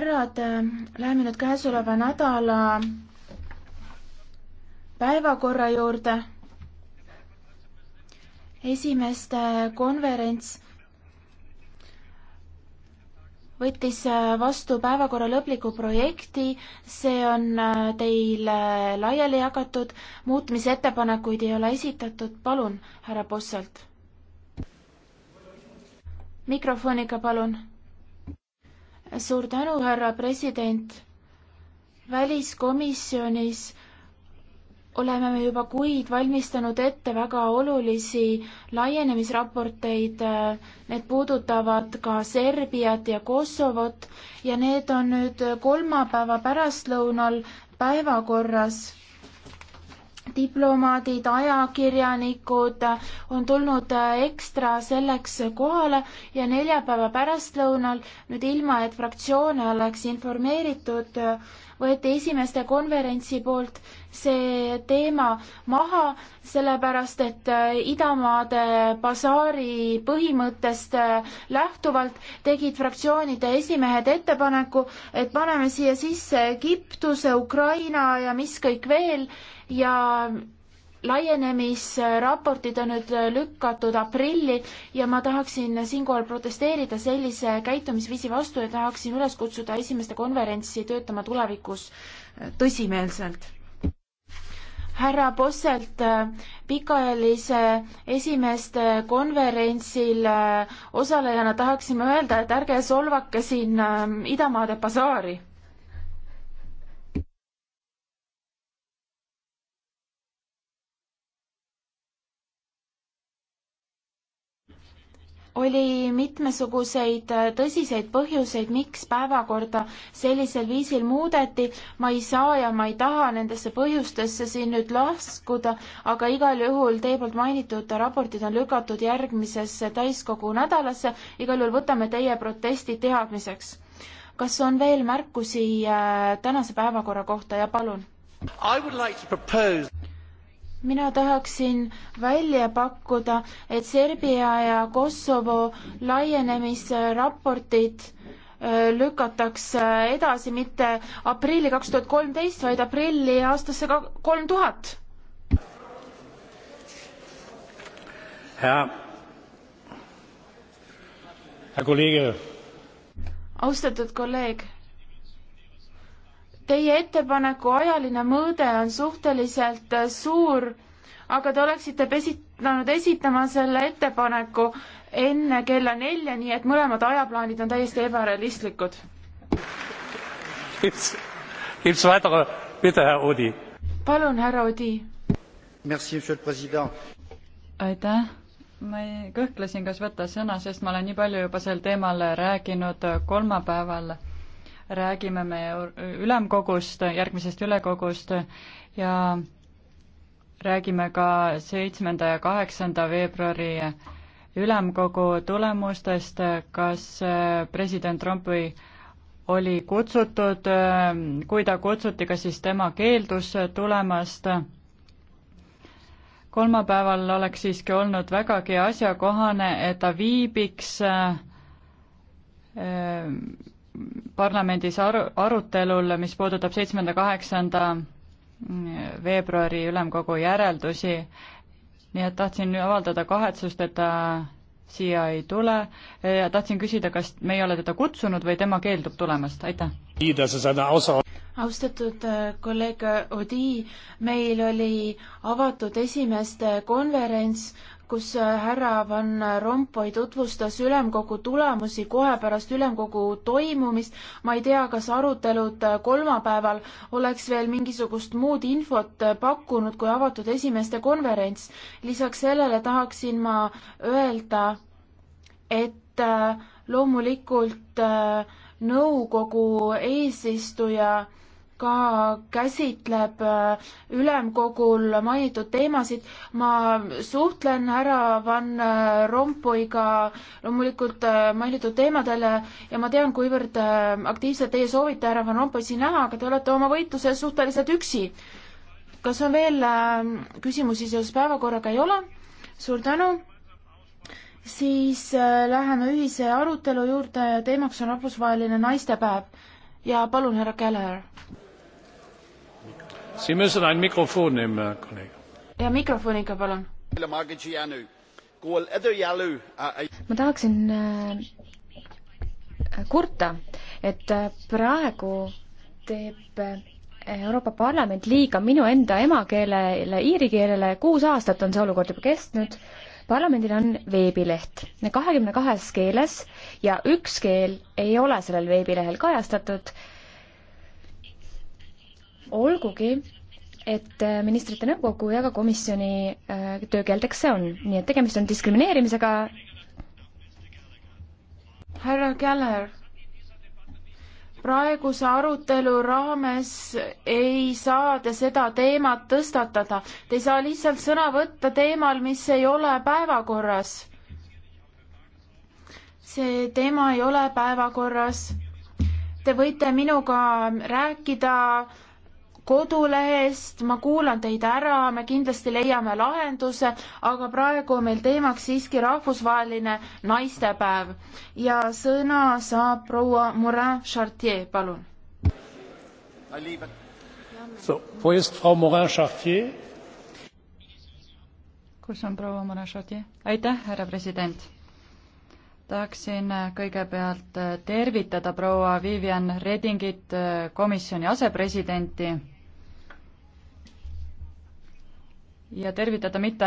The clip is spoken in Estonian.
härrad, läheme nüüd käesoleva nädala päevakorra juurde. esimeste konverents võttis vastu päevakorra lõpliku projekti, see on teile laiali jagatud, muutmisettepanekuid ei ole esitatud, palun, härra Posselt. mikrofoniga, palun suur tänu, härra president. väliskomisjonis oleme me juba kuid valmistanud ette väga olulisi laienemisraporteid. Need puudutavad ka Serbiat ja Kosovot ja need on nüüd kolmapäeva pärastlõunal päevakorras diplomaadid, ajakirjanikud on tulnud äh, ekstra selleks kohale ja neljapäeva pärastlõunal nüüd ilma, et fraktsioone oleks informeeritud, võeti esimeste konverentsi poolt see teema maha, sellepärast et äh, idamaade basaari põhimõttest äh, lähtuvalt tegid fraktsioonide esimehed ettepaneku, et paneme siia sisse Egiptuse, Ukraina ja mis kõik veel ja laienemisraportid on nüüd lükatud aprilli ja ma tahaksin siinkohal protesteerida sellise käitumisviisi vastu ja tahaksin üles kutsuda esimeste konverentsi töötama tulevikus tõsimeelselt. härra Posselt, pikaajalise esimeste konverentsil osalejana tahaksime öelda, et ärge solvake siin ähm, idamaade basaari oli mitmesuguseid äh, tõsiseid põhjuseid, miks päevakorda sellisel viisil muudeti. ma ei saa ja ma ei taha nendesse põhjustesse siin nüüd laskuda, aga igal juhul teie poolt mainitud raportid on lükatud järgmisesse täiskogu nädalasse. igal juhul võtame teie protesti teadmiseks. kas on veel märkusi äh, tänase päevakorra kohta ja palun? Like propose mina tahaksin välja pakkuda, et Serbia ja Kosovo laienemisraportid äh, lükatakse edasi mitte aprilli kaks tuhat kolmteist, vaid aprilli aastasse kolm tuhat. austatud kolleeg Teie ettepaneku ajaline mõõde on suhteliselt äh, suur, aga te oleksite pidanud esitama selle ettepaneku enne kella nelja, nii et mõlemad ajaplaanid on täiesti ebarealistlikud. palun, härra Odi. aitäh ma ei kõhklesin, kas võtta sõna, sest ma olen nii palju juba sel teemal rääkinud kolmapäeval räägime me ülemkogust, järgmisest ülekogust ja räägime ka seitsmenda ja kaheksanda veebruari ülemkogu tulemustest, kas äh, president Trump või oli kutsutud, äh, kui ta kutsuti, kas siis tema keeldus äh, tulemast. kolmapäeval oleks siiski olnud vägagi asjakohane, et ta viibiks parlamendis aru, arutelul, mis puudutab seitsmenda, kaheksanda mm, veebruari ülemkogu järeldusi, nii et tahtsin avaldada kahetsust, et ta siia ei tule ja tahtsin küsida, kas me ei ole teda kutsunud või tema keeldub tulemast, aitäh. austatud äh, kolleeg Odi, meil oli avatud esimeste konverents kus äh, härra Van Rompuy tutvustas ülemkogu tulemusi kohe pärast ülemkogu toimumist. ma ei tea, kas arutelud äh, kolmapäeval oleks veel mingisugust muud infot äh, pakkunud kui avatud esimeeste konverents. lisaks sellele tahaksin ma öelda, et loomulikult nõukogu eesistuja ka käsitleb äh, ülemkogul mainitud teemasid. ma suhtlen härra Van äh, Rompuyga loomulikult äh, mainitud teemadel ja ma tean, kuivõrd aktiivselt teie soovite härra Van Rompuy siin näha, aga te olete oma võitluses suhteliselt üksi. kas on veel küsimusi seoses päevakorraga, ei ole? suur tänu siis läheme ühise arutelu juurde ja teemaks on rahvusvaheline naistepäev ja palun, härra Keller. Sie müssen ein Mikrofon nehmen, Herr Kollege. ja mikrofoniga, palun. ma tahaksin äh, kurta, et äh, praegu teeb äh, Euroopa Parlament liiga minu enda emakeelele, iiri keelele, kuus aastat on see olukord juba kestnud, parlamendil on veebileht kahekümne kahes keeles ja üks keel ei ole sellel veebilehel kajastatud olgugi, et äh, ministrite nõukogu ja ka komisjoni äh, töökeeldeks see on, nii et tegemist on diskrimineerimisega. härra Keller, praeguse arutelu raames ei saa te seda teemat tõstatada, te ei saa lihtsalt sõna võtta teemal, mis ei ole päevakorras. see teema ei ole päevakorras. Te võite minuga rääkida kodulehest, ma kuulan teid ära, me kindlasti leiame lahenduse, aga praegu on meil teemaks siiski rahvusvaheline naistepäev ja sõna saab proua Morin Chartier, palun. kus on proua Morin Chartier? aitäh, härra president tahaksin äh, kõigepealt äh, tervitada proua Vivian Redingit, äh, komisjoni asepresidenti ja tervitada mitte